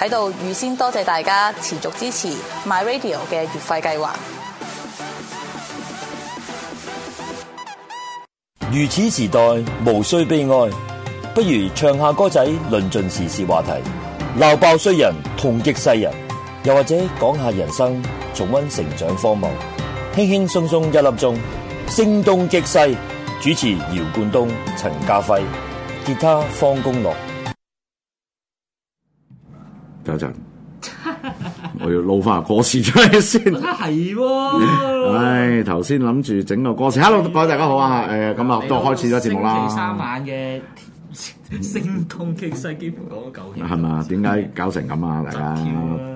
喺度預先多謝大家持續支持 My Radio 嘅月費計劃。如此時代，無需悲哀，不如唱下歌仔，論盡時事話題，鬧爆衰人，痛擊世人，又或者講下人生，重溫成長荒謬，輕輕鬆鬆一粒鐘，聲東擊西。主持：姚冠東、陳嘉輝，吉他：方功濼。有陣， 我要撈翻個歌詞出嚟先。係喎，唉，頭先諗住整個歌詞的。Hello，各位大家好啊，誒的，咁啊、嗯，都開始咗節目啦。星期三晚嘅聲東擊西幾乎講咗九天，係嘛吧？點解搞成咁啊？嚟啊！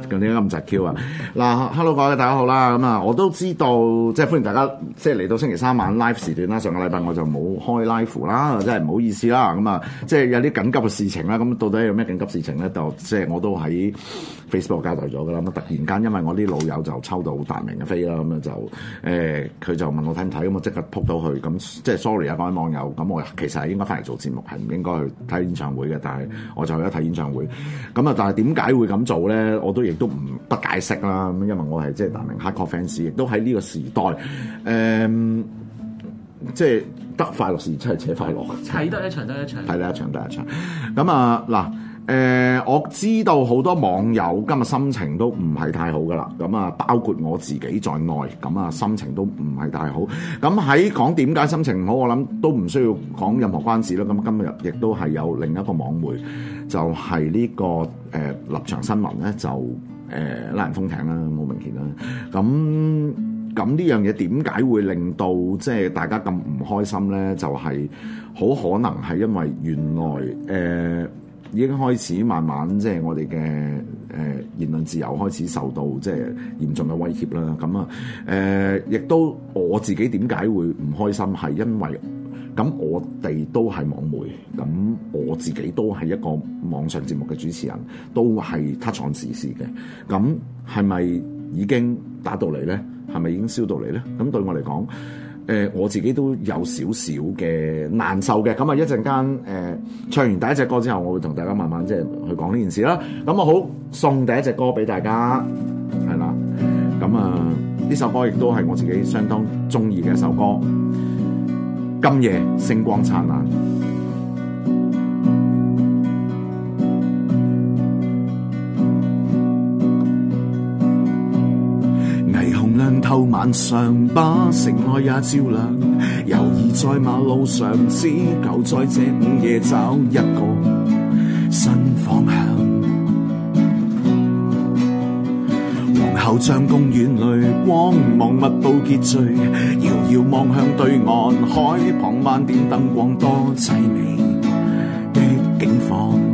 咁點解咁窒 Q 啊？嗱，Hello，各位大家好啦。咁啊，我都知道，即係歡迎大家，即係嚟到星期三晚 live 時段啦。上個禮拜我就冇開 live 啦，真係唔好意思啦。咁啊，即係有啲緊急嘅事情啦。咁到底有咩緊急事情咧？就即係我都喺 Facebook 交代咗㗎啦。咁突然間，因為我啲老友就抽到大名嘅飛啦，咁啊，就、欸、誒，佢就問我睇睇，咁我即刻撲到去。咁即係 sorry 啊，各位網友。咁我其實係應該翻嚟做節目，係唔應該去。睇演唱會嘅，但係我就去一睇演唱會。咁啊，但係點解會咁做咧？我都亦都唔得解釋啦。咁因為我係即係大名黑鶴 fans，亦都喺呢個時代，誒、嗯，即係得快樂時真係且快樂，睇多一場多一場，睇多一場多一場。咁啊嗱。誒、呃、我知道好多網友今日心情都唔係太好噶啦，咁啊包括我自己在內，咁啊心情都唔係太好。咁喺講點解心情唔好，我諗都唔需要講任何關子啦。咁今日亦都係有另一個網媒，就係、是、呢、這個誒、呃、立場新聞咧，就誒、呃、拉人封艇啦，冇文件啦。咁咁呢樣嘢點解會令到即係大家咁唔開心咧？就係、是、好可能係因為原來誒。呃已經開始慢慢即係我哋嘅誒言論自由開始受到即係嚴重嘅威脅啦，咁啊誒亦都我自己點解會唔開心？係因為咁我哋都係網媒，咁我自己都係一個網上節目嘅主持人，都係他創時事嘅，咁係咪已經打到嚟咧？係咪已經燒到嚟咧？咁對我嚟講，誒、呃、我自己都有少少嘅難受嘅，咁啊一陣間誒唱完第一隻歌之後，我會同大家慢慢即係去講呢件事啦。咁啊好送第一隻歌俾大家，係啦。咁啊呢首歌亦都係我自己相當中意嘅一首歌，《今夜星光燦爛》。到晚上，把城外也照亮。猶疑在馬路上，只求在這午夜找一個新方向。皇后像公園裏光芒密佈結聚，遙遙望向對岸海，海旁萬點燈光多凄美的景況。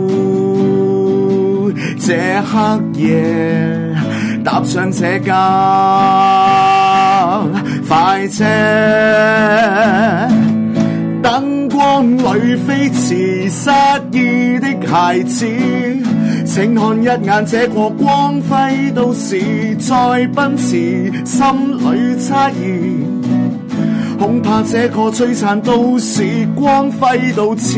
這黑夜，搭上這架快車，燈光裏飛馳，失意的孩子，請看一眼這個光輝都市，再奔馳，心裏猜疑，恐怕這個璀璨都市，光輝到此。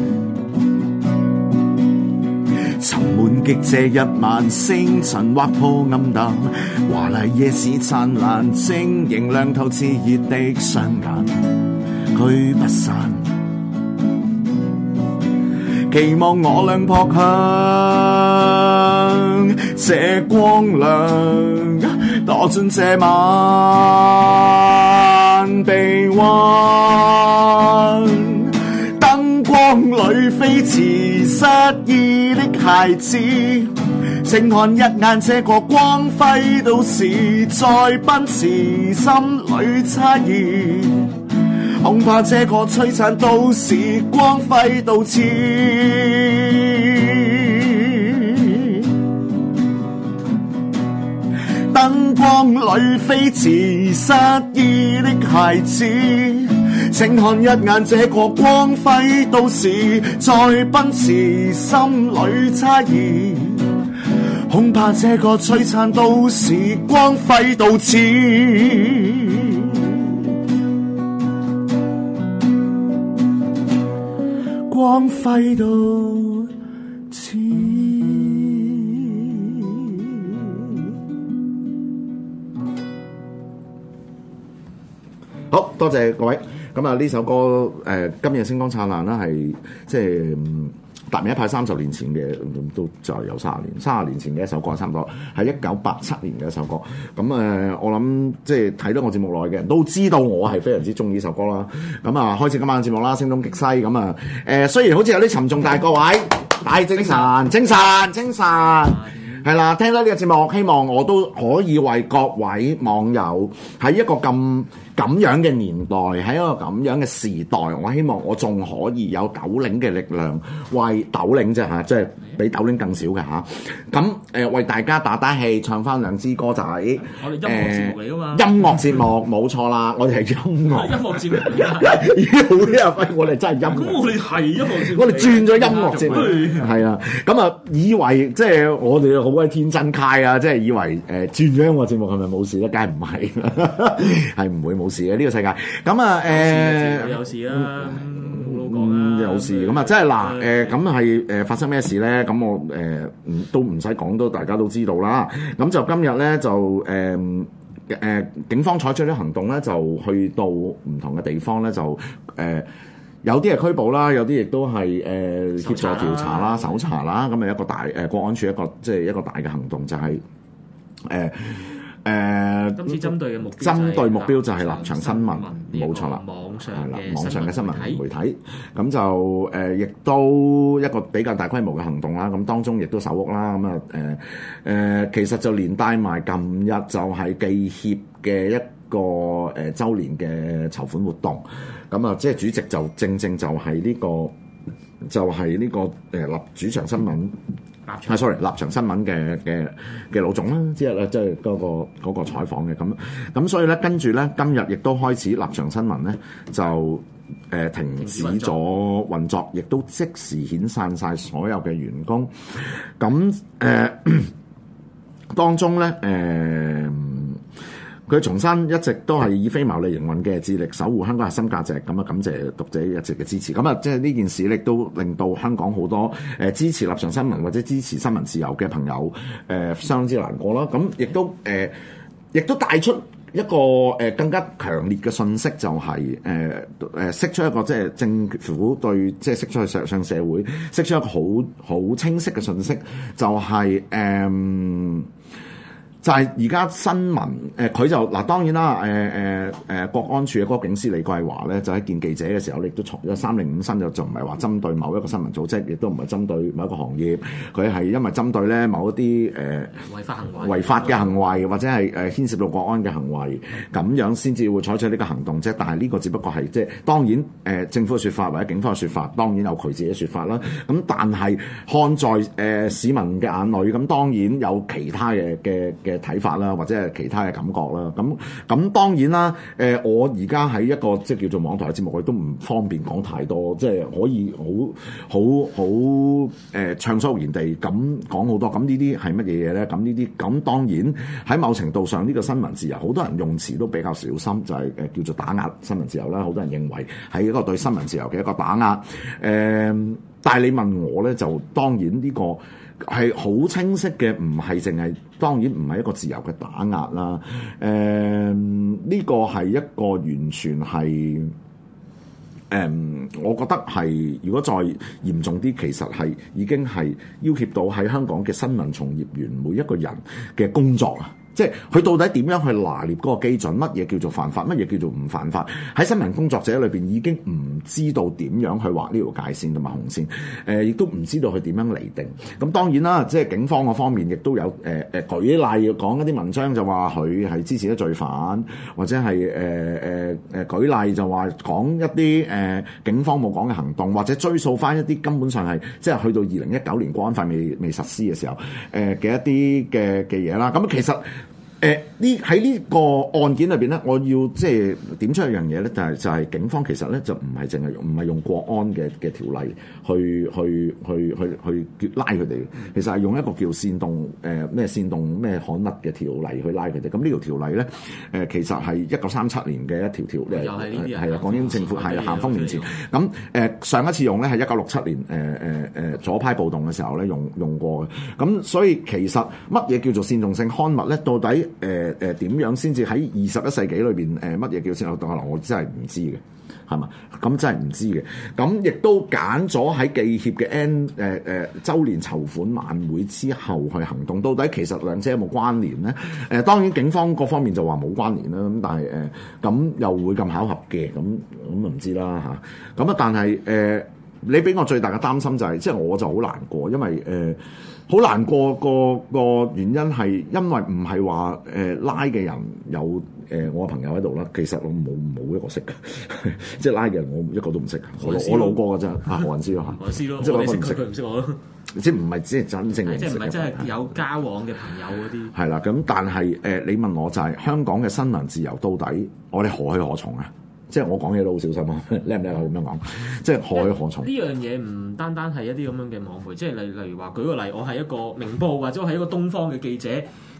激這一晚，星辰劃破暗淡，華麗夜市燦爛，晶瑩亮透熾熱的雙眼，驅不散。期望我倆撲向這光亮，躲進這晚臂彎。燈光裏飛馳，失意的孩子，請看一眼這個光輝都市，再奔馳，心裏猜疑，恐怕這個璀璨都市，到時光輝到此。燈光裏飛馳，失意的孩子。請看一眼這個光輝都市，再奔馳，心裏猜疑，恐怕這個璀璨都市光輝到此，光輝到此，光輝到此。好。好多謝各位。咁啊，呢首歌誒、呃，今日星光燦爛啦，係即係達明一派三十年前嘅，都就有三十年，三十年前嘅一,一首歌，差唔多係一九八七年嘅一首歌。咁、呃、誒，我諗即係睇到我節目內嘅人都知道我係非常之中意呢首歌啦。咁、嗯、啊，開始今晚嘅節目啦，《聲東擊西》咁、嗯、啊，誒、呃、雖然好似有啲沉重大，但係各位大精神，精，神精神，精神，精神，係啦。聽到呢個節目，希望我都可以為各位網友喺一個咁。咁樣嘅年代，喺一個咁樣嘅時代，我希望我仲可以有斗零嘅力量，喂，斗零啫嚇，即係比斗零更少嘅吓，咁誒，為大家打打氣，唱翻兩支歌仔。我哋音樂節目嚟啊嘛，音樂節目冇錯啦， 我哋係音、 音樂節目。已經好啲啊，我哋真係音樂。咁我哋係音樂節目。我哋、呃、轉咗音樂節目是是，係啊。咁 啊，以為即係我哋好鬼天真啋啊，即係以為誒轉咗音樂節目係咪冇事咧？梗係唔係，係唔會冇事啊，呢個世界咁啊誒有事啦，有事咁啊，即係嗱誒咁係誒發生咩事咧？咁我誒唔都唔使講都大家都知道啦。咁就今日咧就誒誒警方採取啲行動咧，就去到唔同嘅地方咧，就誒有啲係拘捕啦，有啲亦都係誒協助調查啦、搜查啦。咁係一個大誒國安處一個即係一個大嘅行動，就係誒。誒，呃、今次針對嘅目標，針對目標就係立場新聞，冇錯啦，係啦，網上嘅新聞媒體，咁就誒亦、呃、都一個比較大規模嘅行動啦。咁、嗯、當中亦都搜屋啦，咁啊誒誒，其實就連帶埋近日就係記協嘅一個誒週年嘅籌款活動，咁啊、嗯，即係主席就正正就係呢、呢個就係、是、呢、呢個誒立、呃、主場新聞。係，sorry，立場新聞嘅嘅嘅老總啦，之後咧即係嗰個嗰個採訪嘅，咁咁所以咧，跟住咧，今日亦都開始立場新聞咧就誒、呃、停止咗運作，亦都即時遣散晒所有嘅員工，咁誒、呃、當中咧誒。呃佢重申一直都係以非牟利營運嘅智力，守護香港核心價值。咁啊，感謝讀者一直嘅支持。咁啊，即係呢件事，亦都令到香港好多誒、呃、支持立場新聞或者支持新聞自由嘅朋友誒、呃，相當之難過啦。咁亦都誒，亦、呃、都帶出一個誒更加強烈嘅訊息、就是，就係誒誒釋出一個即係、就是、政府對即係釋出上上社會釋出一個好好清晰嘅訊息、就是，就係誒。就係而家新聞誒，佢、呃、就嗱當然啦誒誒誒，國安處嘅嗰個警司李桂華咧，就喺見記者嘅時候，亦都採咗三零五三，就就唔係話針對某一個新聞組織，亦都唔係針對某一個行業，佢係因為針對咧某一啲誒、呃、違法行為、違法嘅行為，或者係誒、呃、牽涉到國安嘅行為，咁樣先至會採取呢個行動啫。但係呢個只不過係即係當然誒、呃、政府嘅説法或者警方嘅説法，當然有佢自己嘅説法啦。咁但係看在誒、呃、市民嘅眼裏，咁當然有其他嘅嘅嘅。嘅睇法啦，或者係其他嘅感覺啦，咁咁當然啦。誒、呃，我而家喺一個即係叫做網台嘅節目，我都唔方便講太多，即係可以好好好誒暢所欲言地咁講好多。咁呢啲係乜嘢嘢咧？咁呢啲咁當然喺某程度上，呢個新聞自由，好多人用詞都比較小心，就係、誒、叫做打壓新聞自由啦。好多人認為係一個對新聞自由嘅一個打壓。呃但你問我咧，就當然呢個係好清晰嘅，唔係淨係當然唔係一個自由嘅打壓啦。誒，呢個係一個完全係誒，我覺得係如果再嚴重啲，其實係已經係要挾到喺香港嘅新聞從業員每一個人嘅工作啊！即係佢到底點樣去拿捏嗰個基準？乜嘢叫做犯法？乜嘢叫做唔犯法？喺新聞工作者裏面已經唔知道點樣去畫呢條界線同埋紅線。誒、呃，亦都唔知道佢點樣嚟定。咁當然啦，即係警方嗰方面亦都有誒誒、呃、舉例講一啲文章就話佢係支持咗罪犯，或者係誒誒誒舉例就話講一啲誒、呃、警方冇講嘅行動，或者追訴翻一啲根本上係即係去到二零一九年國安法未未實施嘅時候誒嘅、呃、一啲嘅嘅嘢啦。咁其實～誒呢喺呢個案件裏邊，咧，我要即係點出一樣嘢咧，就係、是、就係、是、警方其實咧就唔係淨係用唔係用國安嘅嘅條例去去去去去拉佢哋，其實係用一個叫煽動誒咩、呃、煽動咩刊物嘅條例去拉佢哋。咁呢條條例咧、呃、其實係一九三七年嘅一條條誒，係啊，港英、啊、政府係咸豐年前。咁、呃、上一次用咧係一九六七年誒誒、呃呃、左派暴動嘅時候咧用用過嘅。咁所以其實乜嘢叫做煽動性刊物咧？到底？誒誒點樣先至喺二十一世紀裏邊誒乜嘢叫先有立當？我真係唔知嘅，係嘛？咁真係唔知嘅。咁亦都揀咗喺記協嘅 N 誒、呃、誒週年籌款晚會之後去行動。到底其實兩者有冇關聯咧？誒、呃、當然警方各方面就話冇關聯啦。咁但係誒咁又會咁巧合嘅？咁咁就唔知啦嚇。咁啊，但係誒、呃、你俾我最大嘅擔心就係、是，即係我就好難過，因為誒。呃好難過個個原因係因為唔係話誒拉嘅人有誒、呃、我朋友喺度啦，其實我冇冇一個識嘅， 即係拉嘅人我一個都唔識嘅，我，我老哥嘅啫嚇， 何文知咯嚇，何咯，即係我唔識佢唔識，識我咯，即係唔係即係真正嘅，即係唔係真係有交往嘅朋友嗰啲，係啦咁，是但係誒、呃、你問我就係、是、香港嘅新聞自由到底，我哋何去何從啊？即係我講嘢都好小心啊，叻唔叻我咁樣講，即係何去何從？呢樣嘢唔單單係一啲咁樣嘅網媒，即係例例如話，舉個例，我係一個明報或者我係一個東方嘅記者，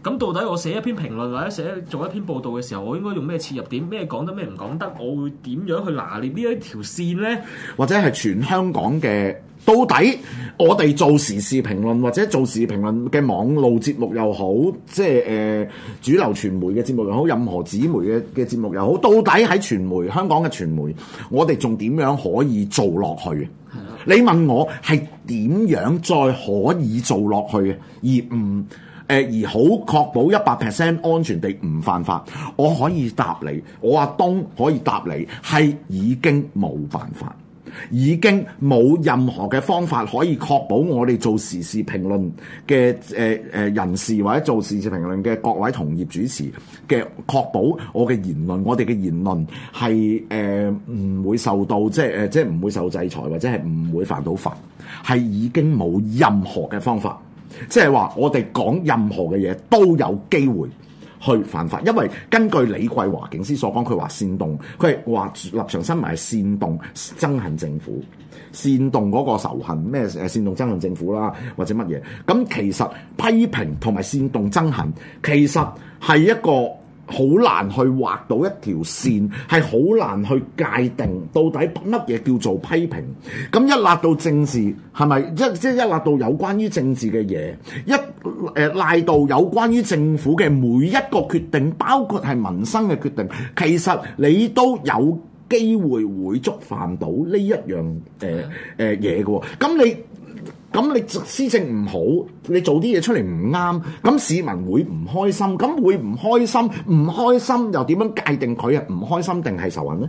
咁到底我寫一篇評論或者寫做一篇報導嘅時候，我應該用咩切入點？咩講得咩唔講得？我會點樣去拿捏呢一條線呢？或者係全香港嘅到底，我哋做時事評論或者做時事評論嘅網路節目又好，即係誒、呃、主流傳媒嘅節目又好，任何紙媒嘅嘅節目又好，到底喺傳媒香港嘅傳媒，我哋仲點樣可以做落去？的你問我係點樣再可以做落去嘅，而唔誒、呃、而好確保一百 percent 安全地唔犯法，我可以答你，我阿東可以答你，係已經冇犯法。已經冇任何嘅方法可以確保我哋做時事評論嘅誒誒人士，或者做時事評論嘅各位同業主持嘅，確保我嘅言論，我哋嘅言論係誒唔會受到即係誒即係唔會受制裁或者係唔會犯到法，係已經冇任何嘅方法，即係話我哋講任何嘅嘢都有機會。去犯法，因為根據李桂華警司所講，佢話煽動，佢係話立場新聞係煽動憎恨政府，煽動嗰個仇恨咩誒，咩煽動憎恨政府啦，或者乜嘢咁。其實批評同埋煽動憎恨，其實係一個。好難去畫到一條線，係好難去界定到底乜嘢叫做批評。咁一立到政治係咪？一即係一立到有關於政治嘅嘢，一誒賴到有關於政府嘅每一個決定，包括係民生嘅決定，其實你都有機會會觸犯到呢一樣嘢嘅喎。咁、呃呃、你。咁你施政唔好，你做啲嘢出嚟唔啱，咁市民會唔開心？咁會唔開心？唔開心又點樣界定佢係唔開心定係仇恨咧？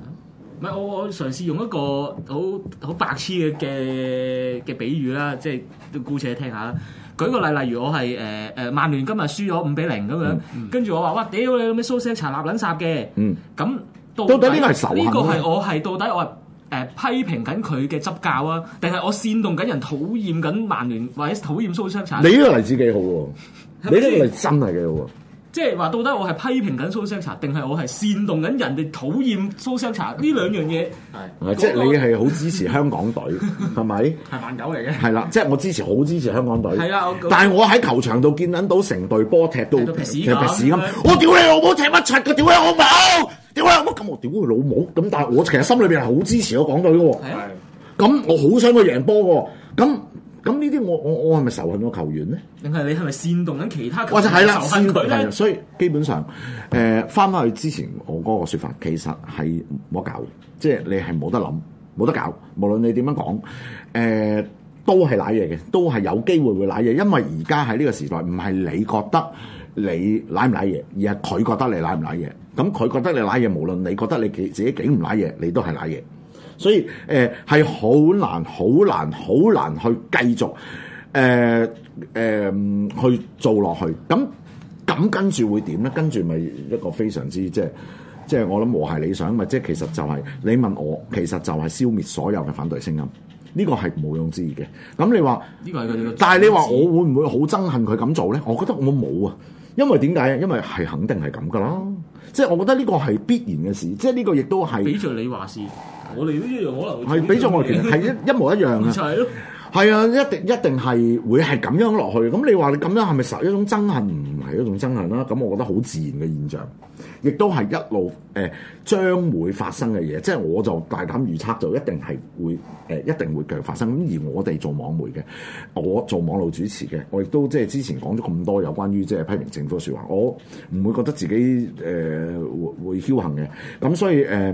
唔係，我我嘗試用一個好好白痴嘅嘅嘅比喻啦，即係姑且聽下啦。舉個例，例如我係誒誒曼聯今日輸咗五比零咁樣，跟住我話哇屌你咁嘅蘇神殘辣撚殺嘅，咁到底呢個係仇恨？呢個係我係到底我。誒批評緊佢嘅執教啊，定係我煽動緊人討厭緊曼聯，或者討厭蘇超產？S 你呢個例子幾好喎，啊？係咪你呢個係真係幾好喎？即係話到底我係批評緊蘇珊娜，定 係我係煽動緊人哋討厭蘇珊娜？呢兩樣嘢係，即係你係好支持香港隊係咪？係犯狗嚟嘅，係啦，即係我支持好支持香港隊。係啊， 但係、 就是、我喺球場度見到成隊波踢到踢劈屎咁，我屌你老母，踢乜柒佢屌你老母，屌你乜咁，我屌佢老母。咁但係我其實心裏邊係好支持香港隊嘅喎。咁我好想去贏波喎。咁咁呢啲我我我係咪仇恨個球員咧？定係你係咪煽動緊其他球員仇恨佢、啊、所以基本上，誒返返去之前我嗰個説法，其實係冇得搞，即係你係冇得諗，冇得搞。無論你點樣講，誒都係瀨嘢嘅，都係有機會會瀨嘢。因為而家喺呢個時代，唔係你覺得你瀨唔瀨嘢，而係佢覺得你瀨唔瀨嘢。咁佢覺得你瀨嘢，無論你覺得你自自己幾唔瀨嘢，你都係瀨嘢。所以誒係好難、好難、好難去繼續誒誒、呃呃、去做落去，咁咁跟住會點咧？跟住咪一個非常之即係即係我諗和諧理想咪即係其實就係、是、你問我，其實就係消滅所有嘅反對聲音，呢、這個係毋庸置疑嘅。咁你話呢個係，但係你話我會唔會好憎恨佢咁做咧？我覺得我冇啊。因為點解啊？因為係肯定係咁噶啦，即係我覺得呢個係必然嘅事，即係呢個亦都係。比著你話事，係我哋呢 一樣可能係比著我哋，係一一模一樣嘅，係啊，一定一定係會係咁樣落去。咁你話你咁樣係咪受一種憎恨？唔係一種憎恨啦。咁我覺得好自然嘅現象。亦都係一路、呃、將會發生嘅嘢，即係我就大膽預測就一定係會誒、呃、一定會繼續發生。咁而我哋做網媒嘅，我做網路主持嘅，我亦都即係之前講咗咁多有關於即係批評政府嘅說話，我唔會覺得自己誒、呃、會會僥倖嘅。咁所以、呃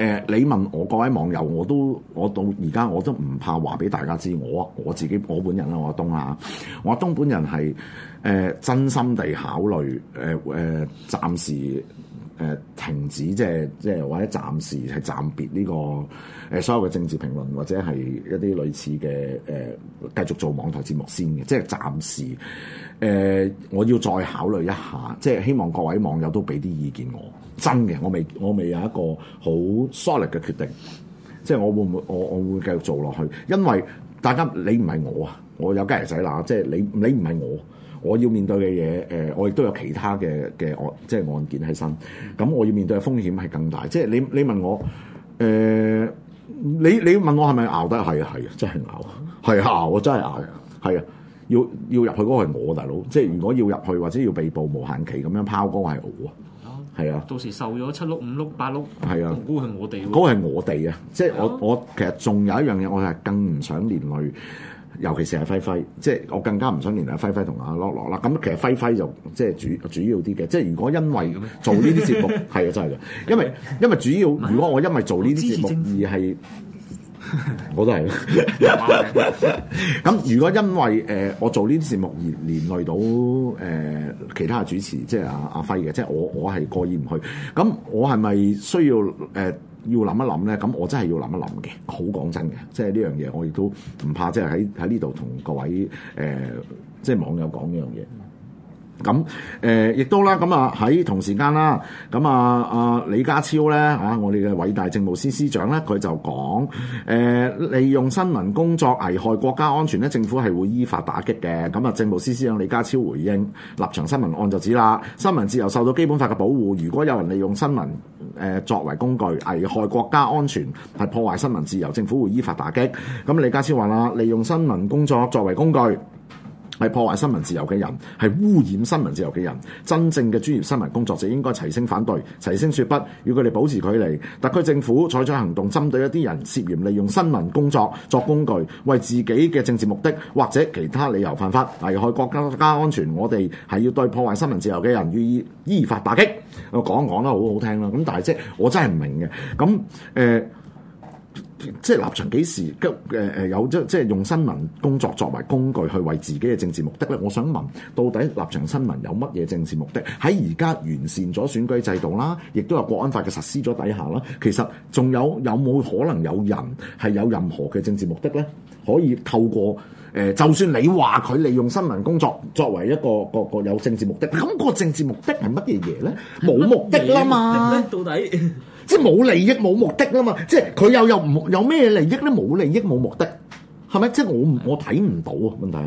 誒、呃，你問我各位網友，我都我到而家我都唔怕話俾大家知，我我自己我本人啦，我阿東啊，我阿東本人係誒、呃、真心地考慮，誒、呃、誒暫時誒、呃、停止，即係即係或者暫時係暫別呢個誒、呃、所有嘅政治評論，或者係一啲類似嘅誒、呃、繼續做網台節目先嘅，即係暫時誒、呃、我要再考慮一下，即係希望各位網友都俾啲意見我。真嘅，我未我未有一個好 solid 嘅決定，即係我會唔會我我會繼續做落去？因為大家你唔係我啊，我有家人仔啦，即係你你唔係我，我要面對嘅嘢誒，我亦都有其他嘅嘅案即係案件喺身，咁我要面對嘅風險係更大。即係你你問我誒、呃，你你問我係咪熬得？係啊係啊，真係熬，係熬我真係熬，係啊。要要入去嗰個係我大佬，即係如果要入去或者要被捕無限期咁樣拋光係我啊。係啊！到時瘦咗七碌五碌八碌，係啊！估個係我哋，嗰個係我哋啊！即係我、就是我，啊、我其實仲有一樣嘢，我係更唔想連累，尤其是係輝輝，即、就、係、是、我更加唔想連累輝輝同阿樂樂啦。咁其實輝輝就即係主主要啲嘅，即、就、係、是、如果因為做呢啲節目，係啊真係嘅，因為因為主要是如果我因為做呢啲節目而係。我都係，咁 如果因為誒、呃、我做呢啲節目而連累到誒、呃、其他嘅主持，即係阿阿輝嘅，即係我我係過意唔去。咁我係咪需要誒、呃、要諗一諗咧？咁我真係要諗一諗嘅，好講真嘅，即係呢樣嘢我亦都唔怕，即係喺喺呢度同各位誒、呃、即係網友講呢樣嘢。咁誒，亦都啦，咁啊喺同時間啦，咁啊啊李家超咧嚇，我哋嘅偉大政務司司長咧，佢就講誒，利用新聞工作危害國家安全咧，政府係會依法打擊嘅。咁啊，政務司司長李家超回應《立場新聞案》就指啦，新聞自由受到基本法嘅保護。如果有人利用新聞誒作為工具危害國家安全，係破壞新聞自由，政府會依法打擊。咁李家超話啦，利用新聞工作作為工具。係破壞新聞自由嘅人，係污染新聞自由嘅人。真正嘅專業新聞工作者應該齊聲反對，齊聲說不，與佢哋保持距離。特區政府採取行動，針對一啲人涉嫌利用新聞工作作工具，為自己嘅政治目的或者其他理由犯法，危害國家國家安全。我哋係要對破壞新聞自由嘅人予以依法打擊。我講講得好好聽啦。咁但係即我真係唔明嘅咁誒。即係立場幾時？誒誒有即即係用新聞工作作為工具去為自己嘅政治目的咧？我想問，到底立場新聞有乜嘢政治目的？喺而家完善咗選舉制度啦，亦都有國安法嘅實施咗底下啦。其實仲有有冇可能有人係有任何嘅政治目的咧？可以透過。誒、呃，就算你話佢利用新聞工作作為一個個個，個有政治目的，咁個政治目的係乜嘢嘢咧？冇目的啦嘛的，到底， 即係冇利益冇目的啦嘛，即係佢又有唔有咩利益咧？冇利益冇目的。係咪即係我我睇唔到啊？問題，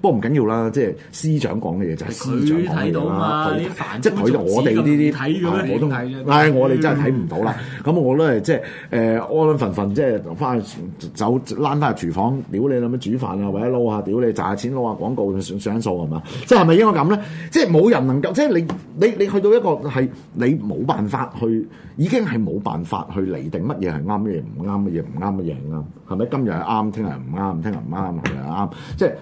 不過唔緊要啦。即係司長講嘅嘢就係司長講嘅嘢，即係佢同我哋呢啲睇佢，我睇唉，我哋真係睇唔到啦。咁我都係即係誒安安份份，即係翻走攬翻去廚房，屌你諗咩煮飯啊，或者撈下，屌你賺下錢撈下廣告，上上數係嘛？即係係咪應該咁咧？即係冇人能夠，即係你你你你去到一個係你冇辦法去，已經係冇辦法去釐定乜嘢係啱，乜嘢唔啱，乜嘢唔啱，乜嘢啱係咪？今日係啱，聽日唔啱。唔聽又唔啱，又啱，即係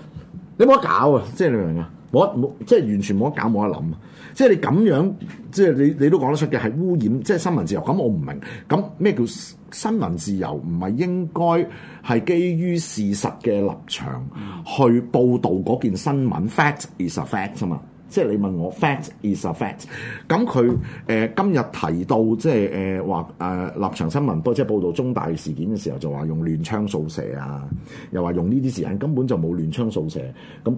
你冇得搞啊！即係你明唔明啊，冇冇，即係完全冇得搞，冇得諗啊！即係你咁樣，即係你你都講得出嘅係污染，即係新聞自由。咁我唔明，咁咩叫新聞自由？唔係應該係基於事實嘅立場去報導嗰件新聞？Fact is a fact 吖嘛。即係你問我 fact is a fact，咁佢誒今日提到即係誒話誒立場新聞多，即係報導中大事件嘅時候就話用亂槍掃射啊，又話用呢啲時間根本就冇亂槍掃射，咁。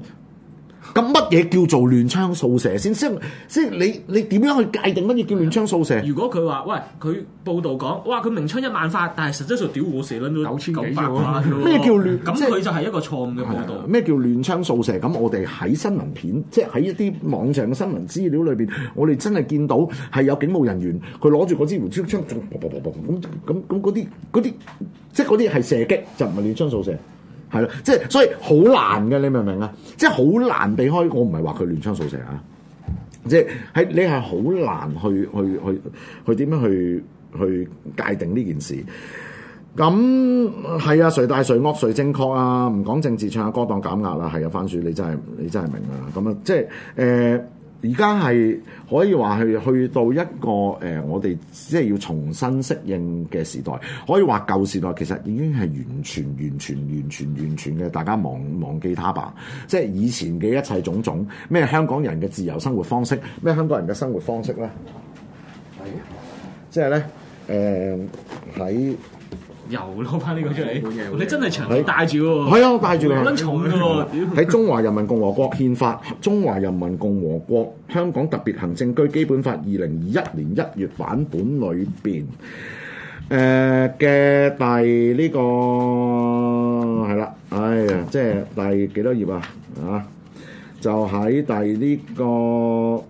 咁乜嘢叫做亂槍掃射先？先即係你你點樣去界定乜嘢叫亂槍掃射？如果佢話喂佢報道講，哇佢名槍一萬發，但係實際上屌我射卵都九千幾嘅喎。咩、啊、叫亂？咁佢就係一個錯誤嘅報道。咩叫亂槍掃射？咁我哋喺新聞片，即係喺一啲網上嘅新聞資料裏面，我哋真係見到係有警務人員佢攞住嗰支胡椒槍，咁咁咁嗰啲嗰啲即係嗰啲係射擊，就唔、是、係亂槍掃射。係咯，即係所以好難嘅，你明唔明啊？即係好難避開，我唔係話佢亂槍掃射啊！即係喺你係好難去去去去點樣去去界定呢件事。咁係啊，誰大誰惡誰正確啊？唔講政治，唱下歌當減壓啦。係啊，番薯，你真係你真係明啊！咁啊，即係誒。呃而家係可以話係去到一個誒，我哋即係要重新適應嘅時代。可以話舊時代其實已經係完全、完全、完全、完全嘅，大家忘忘記他吧。即係以前嘅一切種種，咩香港人嘅自由生活方式，咩香港人嘅生活方式呢？即係呢，誒喺。又攞翻呢個出嚟，okay, 你真係長你帶住喎，係啊對，帶住佢好撚重嘅喎。喺對《中華人民共和國憲法》《 中華人民共和國香港特別行政區基本法》二零二一年一月版本裏邊，誒、呃、嘅第呢、這個係啦，哎呀，即、就、係、是、第幾多頁啊？啊，就喺第呢、這個誒、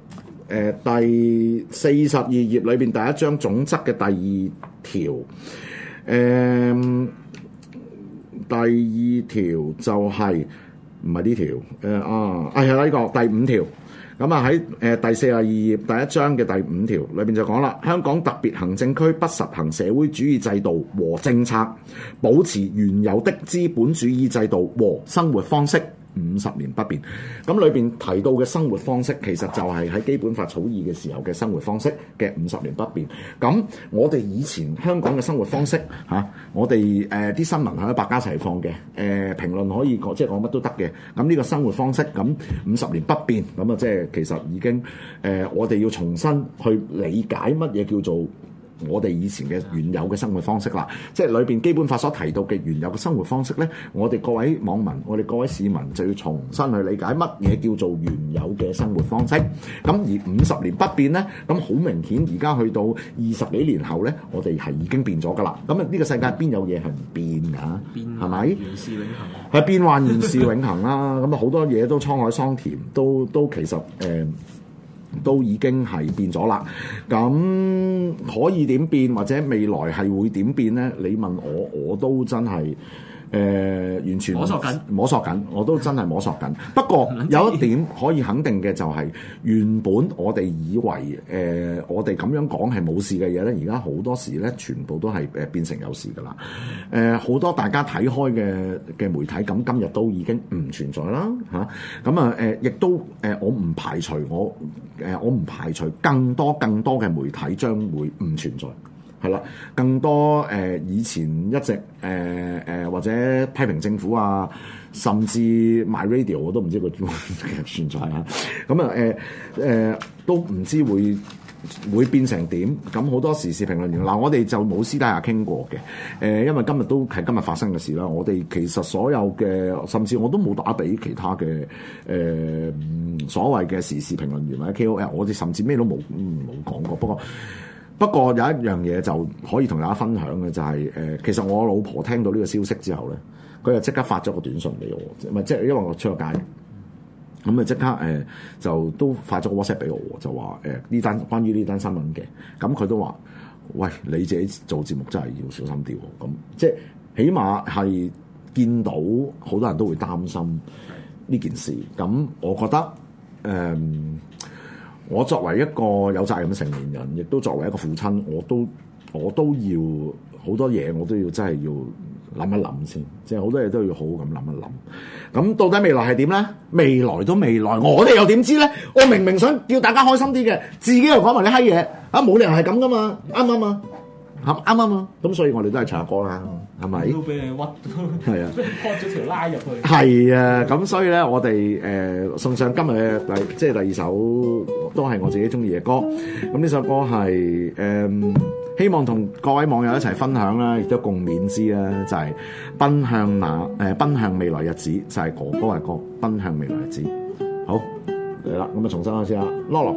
呃、第四十二頁裏邊第一章總則嘅第二條。嗯、第二條就係唔係呢條？誒、嗯、啊，係、哎、啦，呢、這個、第五條。咁啊喺第四十二頁第一章嘅第五條裏面就講啦，香港特別行政區不實行社會主義制度和政策，保持原有的資本主義制度和生活方式。五十年不變，咁裏面提到嘅生活方式其實就係喺基本法草擬嘅時候嘅生活方式嘅五十年不變。咁我哋以前香港嘅生活方式、啊、我哋啲、呃、新聞係喺百家齊放嘅，誒、呃、評論可以講即係講乜都得嘅。咁呢個生活方式咁五十年不變，咁啊即係其實已經、呃、我哋要重新去理解乜嘢叫做。我哋以前嘅原有嘅生活方式啦，即係裏邊基本法所提到嘅原有嘅生活方式咧，我哋各位網民，我哋各位市民就要重新去理解乜嘢叫做原有嘅生活方式。咁而五十年不變咧，咁好明顯而家去到二十幾年後咧，我哋係已經變咗噶啦。咁啊，呢個世界邊有嘢係唔變噶，變係咪？原是永恆，係變幻原是永恆啦。咁啊，好多嘢都滄海桑田，都都其實誒。呃都已經係變咗喇，咁可以點變，或者未來係會點變呢？你問我，我都真係。誒、呃、完全摸索緊，摸索緊，摸索緊，我都真係摸索緊。不過有一點可以肯定嘅就係，原本我哋以為誒、呃、我哋咁樣講係冇事嘅嘢咧，而家好多時咧全部都係誒變成有事噶啦。誒、呃、好多大家睇開嘅嘅媒體，咁今日都已經唔存在啦嚇。咁啊亦、呃、都誒、呃，我唔排除我誒，我唔、呃、排除更多更多嘅媒體將會唔存在。係啦，更多誒、呃、以前一直誒、呃呃、或者批評政府啊，甚至 MyRadio 我都唔知佢點存在啊。咁啊誒都唔知會會變成點。咁好多時事評論員嗱、呃，我哋就冇私底下傾過嘅。誒、呃，因為今日都係今日發生嘅事啦。我哋其實所有嘅，甚至我都冇打俾其他嘅誒、呃、所謂嘅時事評論員或者 KOL，我哋甚至咩都冇冇講過。不過～不過有一樣嘢就可以同大家分享嘅就係、是、誒，其實我老婆聽到呢個消息之後咧，佢就即刻發咗個短信俾我，唔係即係因為我出咗街，咁啊即刻誒、呃、就都發咗個 WhatsApp 俾我，就話誒呢單關於呢單新聞嘅，咁佢都話，喂，你自己做節目真係要小心啲，咁即係起碼係見到好多人都會擔心呢件事，咁我覺得誒。呃我作為一個有責任嘅成年人，亦都作為一個父親，我都我都要好多嘢，我都要我都真係要諗一諗先，即係好多嘢都要好好咁諗一諗。咁到底未來係點咧？未來都未來，我哋又點知咧？我明明想叫大家開心啲嘅，自己又講埋啲閪嘢，啊冇理由係咁噶嘛，啱唔啱啊？嚇啱啱啊？咁所以我哋都係唱歌啦。係咪？要俾你屈，係啊，即係割咗條拉入去。係啊，咁所以咧，我哋誒送上今日嘅第即係第二首，都係我自己中意嘅歌。咁呢首歌係誒，希望同各位網友一齊分享啦，亦都共勉之啦。就係奔向那誒，奔向未來日子，就係哥哥嘅歌《奔向未來日子》。好，嚟啦，咁啊重新開始啦，咯咯。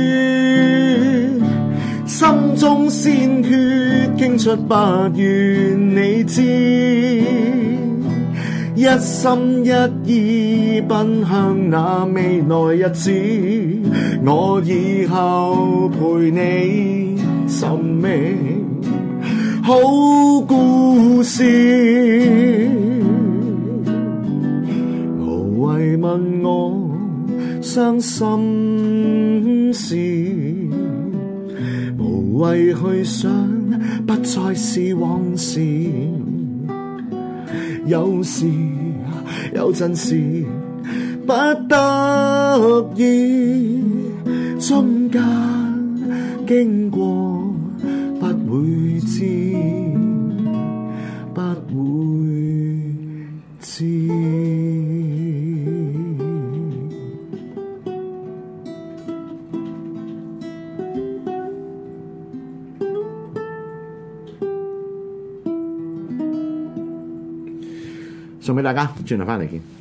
鮮血傾出不願，你知，一心一意奔向那未來日子。我以後陪你尋覓好故事，無謂問我傷心事。為去想，不再是往事。有時啊，有陣時，不得已，中間經過。大家，轉頭翻嚟見。